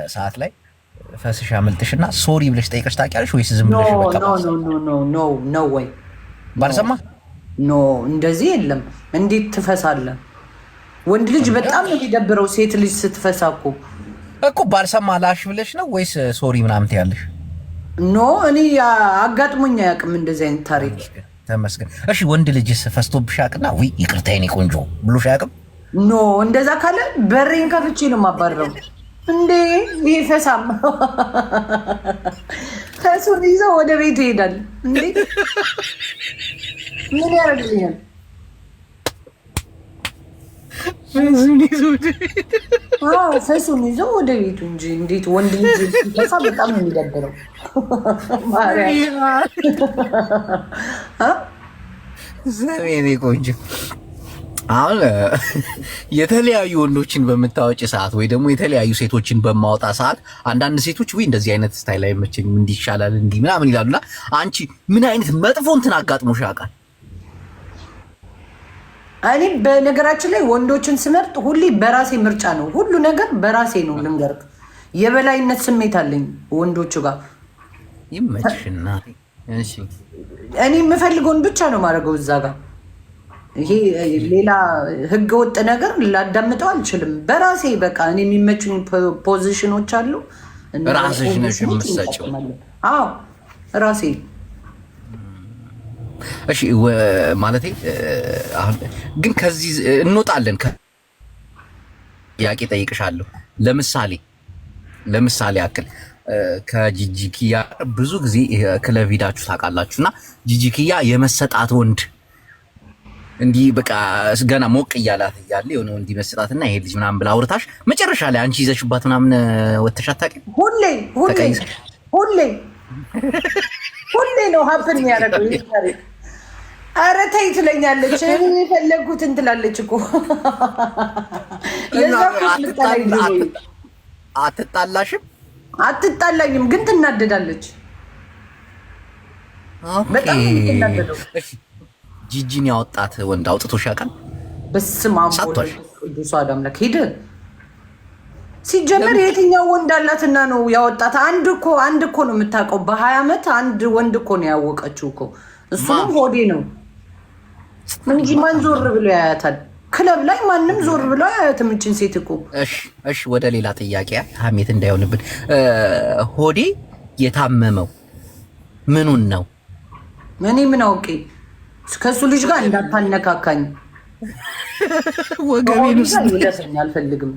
የሆነ ሰዓት ላይ ፈስሽ ያመልጥሽ እና ሶሪ ብለሽ ጠይቀሽ ታውቂያለሽ ወይስ ዝም ብለሽ ነው ወይ ባልሰማ? ኖ እንደዚህ የለም። እንዴት ትፈሳለህ? ወንድ ልጅ በጣም ነው የሚደብረው። ሴት ልጅ ስትፈሳ እኮ እኮ ባልሰማ ላሽ ብለሽ ነው ወይስ ሶሪ ምናምን ትያለሽ? ኖ እኔ አጋጥሞኝ አያውቅም እንደዚህ አይነት ታሪክ ተመስገን። እሺ ወንድ ልጅስ ፈስቶብሽ አያውቅና ወይ ይቅርታ የኔ ቆንጆ ብሎሽ አያውቅም? ኖ እንደዛ ካለ በሬን ከፍቼ ነው የማባረረው። እንዴ ይፈሳም ፈሱን ይዘው ወደ ቤቱ ይሄዳል። እንዴ ምን ያደርግልኛል? ፈሱን ይዞ ፈሱን ይዞ ወደ ቤቱ እንጂ እንዴት ወንድ ልጅ ሲፈሳ በጣም ነው የሚደብረው። ማርያም ዘሜ ቆንጆ አሁን የተለያዩ ወንዶችን በምታወጭ ሰዓት ወይ ደግሞ የተለያዩ ሴቶችን በማወጣ ሰዓት አንዳንድ ሴቶች ወይ እንደዚህ አይነት ስታይል አይመቸኝም፣ እንዲህ ይሻላል፣ እንዲህ ምናምን ይላሉና አንቺ ምን አይነት መጥፎ እንትን አጋጥሞሽ ያውቃል? እኔ በነገራችን ላይ ወንዶችን ስመርጥ ሁሌ በራሴ ምርጫ ነው። ሁሉ ነገር በራሴ ነው። ልንገር የበላይነት ስሜት አለኝ ወንዶቹ ጋር። ይመችሽና እኔ የምፈልገውን ብቻ ነው ማድረገው እዛ ጋር ይሄ ሌላ ህገ ወጥ ነገር ላዳምጠው አልችልም። በራሴ በቃ እኔ የሚመችኝ ፖዚሽኖች አሉ። ራስሽ አዎ ራሴ። እሺ ማለቴ አሁን ግን ከዚህ እንወጣለን። ጥያቄ ጠይቅሻለሁ። ለምሳሌ ለምሳሌ አክል ከጂጂኪያ ብዙ ጊዜ ክለብ ሄዳችሁ ታውቃላችሁ እና ጂጂኪያ የመሰጣት ወንድ እንዲህ በቃ ገና ሞቅ እያላት እያለ የሆነ መስጣት እና ይሄ ልጅ ምናምን ብላ አውርታሽ መጨረሻ ላይ አንቺ ይዘሽባት ምናምን ወተሽ አታውቂም? ሁሌ ሁሌ ሁሌ ሁሌ ነው ሀብን ያደረገው። ኧረ ተይ ትለኛለች፣ የፈለጉት እንትላለች እኮ አትጣላሽም? አትጣላኝም፣ ግን ትናደዳለች በጣም ትናደደው ጂጂን ያወጣት ወንድ አውጥቶሽ ያውቃል? በስመ አብ ቅዱስ አምላክ ሂድ። ሲጀመር የትኛው ወንድ አላትና ነው ያወጣት? አንድ እኮ አንድ እኮ ነው የምታውቀው። በሀያ ዓመት አንድ ወንድ እኮ ነው ያወቀችው እኮ እሱም ሆዴ ነው እንጂ ማን ዞር ብሎ ያያታል? ክለብ ላይ ማንም ዞር ብሎ ያያትም እችን ሴት እኮ እሺ፣ ወደ ሌላ ጥያቄ ሀሜት እንዳይሆንብን፣ ሆዴ የታመመው ምኑን ነው? እኔ ምን አውቄ ከእሱ ልጅ ጋር እንዳታነካካኝ ወገቤን አልፈልግም።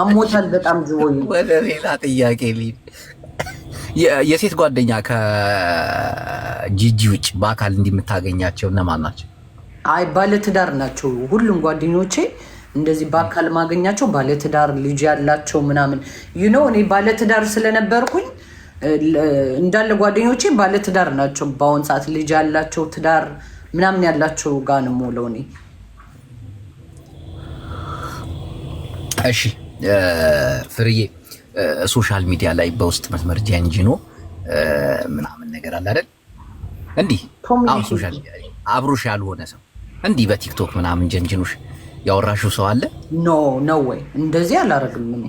አሞታል በጣም ዝቦኝ። ወደ ሌላ ጥያቄ ልሂድ። የሴት ጓደኛ ከጂጂ ውጭ በአካል እንዲህ የምታገኛቸው እነማን ናቸው? አይ ባለትዳር ናቸው ሁሉም ጓደኞቼ። እንደዚህ በአካል ማገኛቸው ባለትዳር ልጅ ያላቸው ምናምን ዩኖ። እኔ ባለትዳር ስለነበርኩኝ እንዳለ ጓደኞቼ ባለትዳር ናቸው። በአሁን ሰዓት ልጅ ያላቸው ትዳር ምናምን ያላቸው ጋ ነው የምውለው እኔ። እሺ ፍርዬ፣ ሶሻል ሚዲያ ላይ በውስጥ መስመር ጀንጂኖ ምናምን ነገር አለ አይደል? እንዲህ አሁን ሶሻል አብሮሽ ያልሆነ ሰው እንዲህ በቲክቶክ ምናምን ጀንጅኖሽ ያወራሽው ሰው አለ? ኖ ነው ወይ እንደዚህ አላደርግም እኔ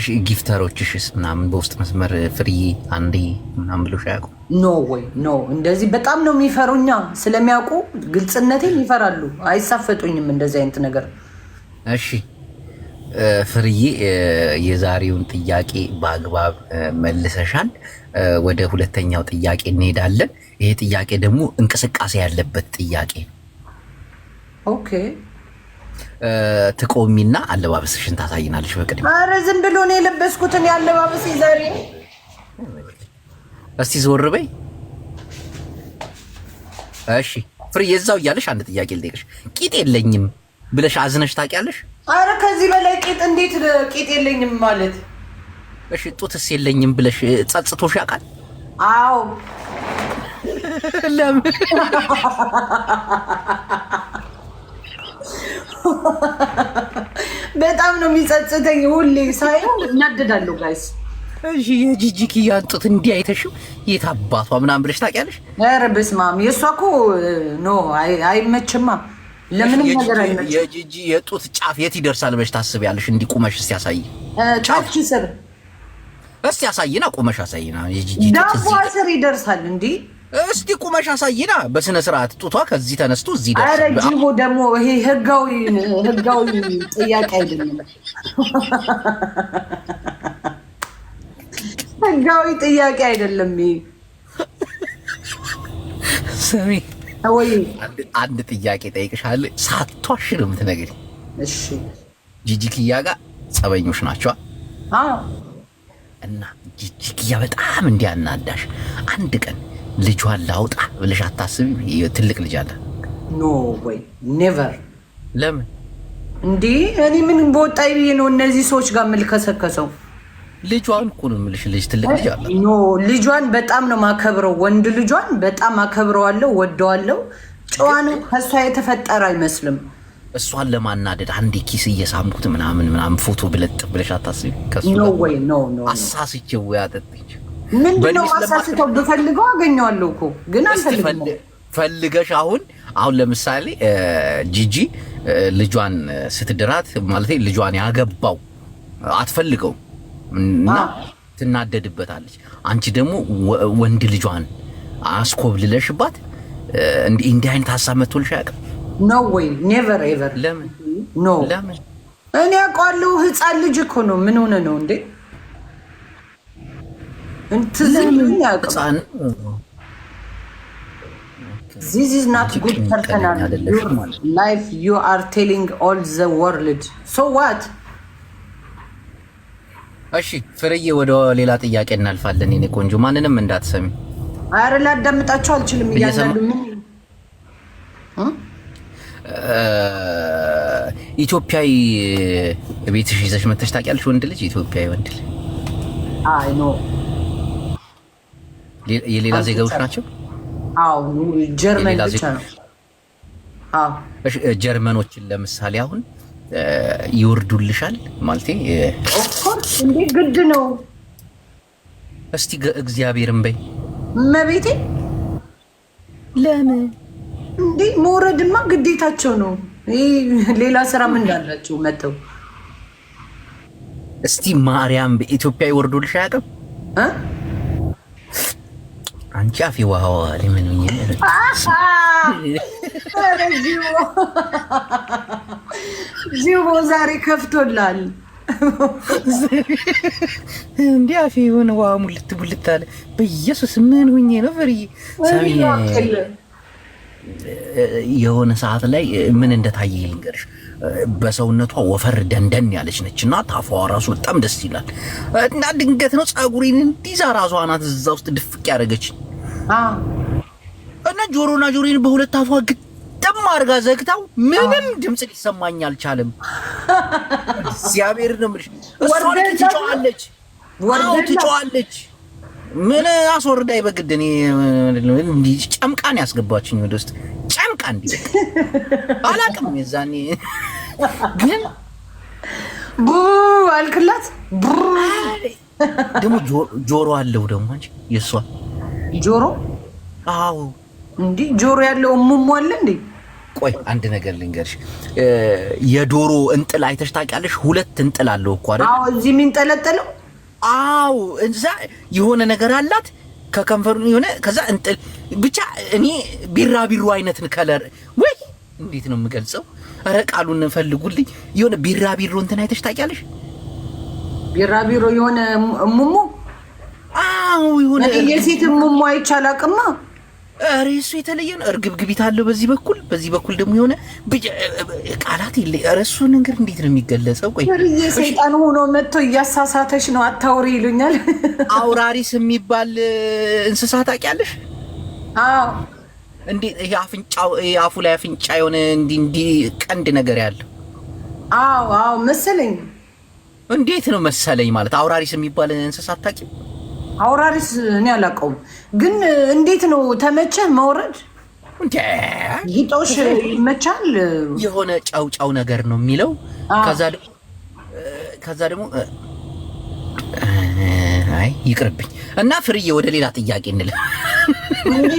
እሺ ጊፍተሮችሽስ ምናምን በውስጥ መስመር ፍሪ አንዴ ምናምን ብሎሽ ያውቁ? ኖ ወይ ኖ። እንደዚህ በጣም ነው የሚፈሩኛ ስለሚያውቁ ግልጽነቴን ይፈራሉ። አይሳፈጡኝም እንደዚህ አይነት ነገር። እሺ ፍርዬ፣ የዛሬውን ጥያቄ በአግባብ መልሰሻል። ወደ ሁለተኛው ጥያቄ እንሄዳለን። ይሄ ጥያቄ ደግሞ እንቅስቃሴ ያለበት ጥያቄ ነው። ኦኬ ትቆሚና አለባበስሽን ታሳይናለሽ። በቅድሚያ ኧረ ዝም ብሎ ነው የለበስኩትን ያለባበስ ዛሬ። እስቲ ዞር በይ እሺ። ፍሬ የዛው እያለሽ አንድ ጥያቄ ልጠይቅሽ። ቂጥ የለኝም ብለሽ አዝነሽ ታውቂያለሽ? አረ ከዚህ በላይ ቂጥ እንዴት ቂጥ የለኝም ማለት እሺ። ጡትስ የለኝም ብለሽ ጸጽቶሽ ያውቃል? አዎ ለምን በጣም ነው የሚጸጽተኝ ሁሌ ሳየው እናደዳለሁ። ጋይስ እሺ፣ የጂጂክ ኪያን እንዲህ አይተሽው የት አባቷ ምናምን ብለሽ ታውቂያለሽ? ኧረ በስመ አብ የእሷ እኮ ኖ አይመችማ፣ ለምንም ነገር አይመችም። የጂጂ የጡት ጫፍ የት ይደርሳል ብለሽ ታስቢያለሽ? እንዲህ ቁመሽ እስቲ ያሳይ፣ ጫፍ ስር እስቲ ያሳይና፣ ቁመሽ አሳይና፣ የጂጂ ዳቦ ስር ይደርሳል እንዲህ እስቲ ቁመሽ አሳይና በስነ ስርዓት ጡቷ ከዚህ ተነስቶ እዚህ ደርስ። ኧረ ጅቦ ደግሞ ይሄ ህጋዊ ህጋዊ ጥያቄ አይደለም፣ ህጋዊ ጥያቄ አይደለም። ይሄ ወይ አንድ ጥያቄ ጠይቅሻለሁ፣ ሳትዋሽ ነው የምትነግሪኝ። እሺ ጂጂክያ ጋር ጸበኞች ናቸዋ እና ጂጂክያ በጣም እንዲያናዳሽ አንድ ቀን ልጇን ላውጣ ብለሽ አታስቢ? ትልቅ ልጅ አለ። ኖ ወይ ኔቨር። ለምን እንዴ? እኔ ምን በወጣ ብዬ ነው እነዚህ ሰዎች ጋር የምልከሰከሰው? ልጇን እኮ ነው የምልሽ። ልጅ ትልቅ ልጅ አለ። ኖ ልጇን በጣም ነው ማከብረው። ወንድ ልጇን በጣም አከብረዋለሁ፣ ወደዋለሁ። ጨዋን ከእሷ የተፈጠረ አይመስልም። እሷን ለማናደድ አንዴ ኪስ እየሳምኩት ምናምን ምናምን ፎቶ ብለጥ ብለሽ አታስቢ? ከሱ ወይ ኖ አሳስቼ ወይ አጠጥች ምንድነው አሳስተው ብፈልገው አገኘዋለሁ እኮ ግን አልፈልግም። ፈልገሽ አሁን አሁን ለምሳሌ ጂጂ ልጇን ስትድራት ማለት ልጇን ያገባው አትፈልገው እና ትናደድበታለች። አንቺ ደግሞ ወንድ ልጇን አስኮብልለሽባት እንዲህ አይነት ሀሳብ መቶልሽ አያውቅም? ኖ ወይ ኔቨር ኤቨር። ለምን ኖ ለምን? እኔ አውቀዋለሁ። ህፃን ልጅ እኮ ነው። ምን ሆነ ነው እንዴ? ዚስ ቴሊንግ ኦል እሺ ፍርዬ፣ ወደ ሌላ ጥያቄ እናልፋለን። የኔ ቆንጆ ማንንም እንዳትሰሚ። አረ ላዳምጣቸው አልችልም። እያንዳንዱ ኢትዮጵያዊ ቤትሽ ይዘሽ መተሽ ታውቂያለሽ? ወንድ ልጅ ኢትዮጵያዊ ወንድ ልጅ አይ ኖ የሌላ ዜጋዎች ናቸው? አዎ ጀርመን ብቻ ነው። ጀርመኖችን ለምሳሌ አሁን ይወርዱልሻል ማለት ኦፍኮርስ፣ ግድ ነው። እስቲ እግዚአብሔርን በይ መቤቴ። ለምን እንዴ መውረድማ ግዴታቸው ነው። ሌላ ስራ ምን እንዳላቸው መተው እስቲ ማርያም በኢትዮጵያ ይወርዱልሽ አያውቅም። አንቺ አፌ ውሃ ውሃ ላይ ምን ዚቦ ዛሬ ከፍቶላል። እንዲ አፌ የሆነ ውሃ ሙልት ሙልት አለ። በኢየሱስ ምን ሁኜ ነው ፈርዬ የሆነ ሰዓት ላይ ምን እንደታየ ልንገርሽ። በሰውነቷ ወፈር ደንደን ያለች ነች እና ታፋዋ ራሱ በጣም ደስ ይላል እና ድንገት ነው ፀጉሬን እንዲዛ ራሷ ናት እዛ ውስጥ ድፍቅ ያደረገች እና ጆሮና ጆሮን በሁለት አፏ ግጥም አድርጋ ዘግታው ምንም ድምፅ ሊሰማኝ አልቻለም። እግዚአብሔር ነው የምልሽ። እሷ ትጨዋለች፣ ወርደው ምን አስወርዳይ በግድ እኔ እንዲህ ጨምቃን ያስገባችኝ ወደ ውስጥ ጨምቃ እንዲህ አላቅም። የዛኔ ግን ቡ አልክላት ቡ ደግሞ ጆሮ አለው ደግሞ አንቺ የእሷ ጆሮ አዎ፣ እንዲ ጆሮ ያለው ሙሙ አለ እንዴ? ቆይ አንድ ነገር ልንገርሽ፣ የዶሮ እንጥል አይተሽ ታውቂያለሽ? ሁለት እንጥል አለው እኮ አይደል? አዎ፣ እዚህ የሚንጠለጠለው አዎ፣ እዛ የሆነ ነገር አላት ከከንፈሩ የሆነ ከዛ እንጥል ብቻ እኔ ቢራቢሮ አይነትን ከለር ወይ እንዴት ነው የምገልጸው? ኧረ ቃሉን ፈልጉልኝ። የሆነ ቢራቢሮ እንትን አይተሽ ታውቂያለሽ? ቢራቢሮ የሆነ ሙሙ አዎ ይሁን። የሴት ሙሟ ይቻል አቅማ ኧረ እሱ የተለየ ነው። እርግብግቢት አለው በዚህ በኩል በዚህ በኩል ደግሞ የሆነ ቃላት የለ። ኧረ ነገር እንዴት ነው የሚገለጸው? ቆይ ሰይጣን ሆኖ መጥቶ እያሳሳተሽ ነው አታውሪ ይሉኛል። አውራሪስ የሚባል እንስሳ ታውቂያለሽ? አዎ እንዴ አፍንጫው አፉ ላይ አፍንጫ የሆነ እንዲህ እንዲህ ቀንድ ነገር ያለው አዎ አዎ መሰለኝ። እንዴት ነው መሰለኝ ማለት አውራሪስ የሚባል እንስሳ አታውቂም? አውራሪስ እኔ አላውቀውም፣ ግን እንዴት ነው ተመቸህ? መውረድ ጊጦሽ ይመቻል። የሆነ ጫውጫው ነገር ነው የሚለው። ከዛ ደግሞ አይ ይቅርብኝ እና ፍርዬ፣ ወደ ሌላ ጥያቄ እንል።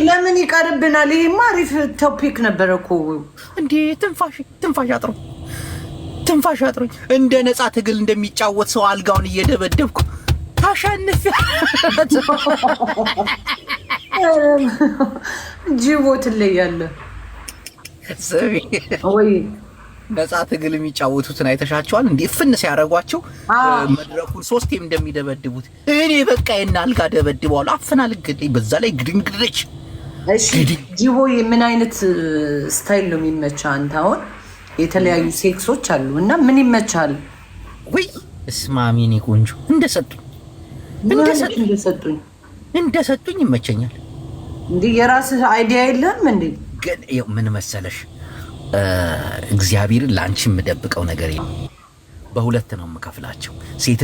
ለምን ይቀርብናል? ይሄማ አሪፍ ቶፒክ ነበረ እኮ እንዴ። ትንፋሽ ትንፋሽ አጥሮ ትንፋሽ አጥሮኝ እንደ ነፃ ትግል እንደሚጫወት ሰው አልጋውን እየደበደብኩ አሸንፍ ጅቦ ትለያለህ። ወይ ነፃ ትግል የሚጫወቱትን አይተሻቸዋል? እንዲህ እፍን ሲያደርጓቸው መድረኩን ሶስቴም እንደሚደበድቡት እኔ በቃ የና አልጋ ደበድበዋል። አፍና ልግልኝ በዛ ላይ ግድንግድች። ጅቦ ምን አይነት ስታይል ነው የሚመቻ? አንተ አሁን የተለያዩ ሴክሶች አሉ እና ምን ይመቻል? ወይ እስማሚኔ ቆንጆ እንደሰጡ እንደሰጡኝ እንደሰጡኝ ይመቸኛል። እንዲህ የራስህ አይዲያ የለም እንዴ? ግን ምን መሰለሽ እግዚአብሔርን ለአንቺ የምደብቀው ነገር በሁለት ነው የምከፍላቸው ሴት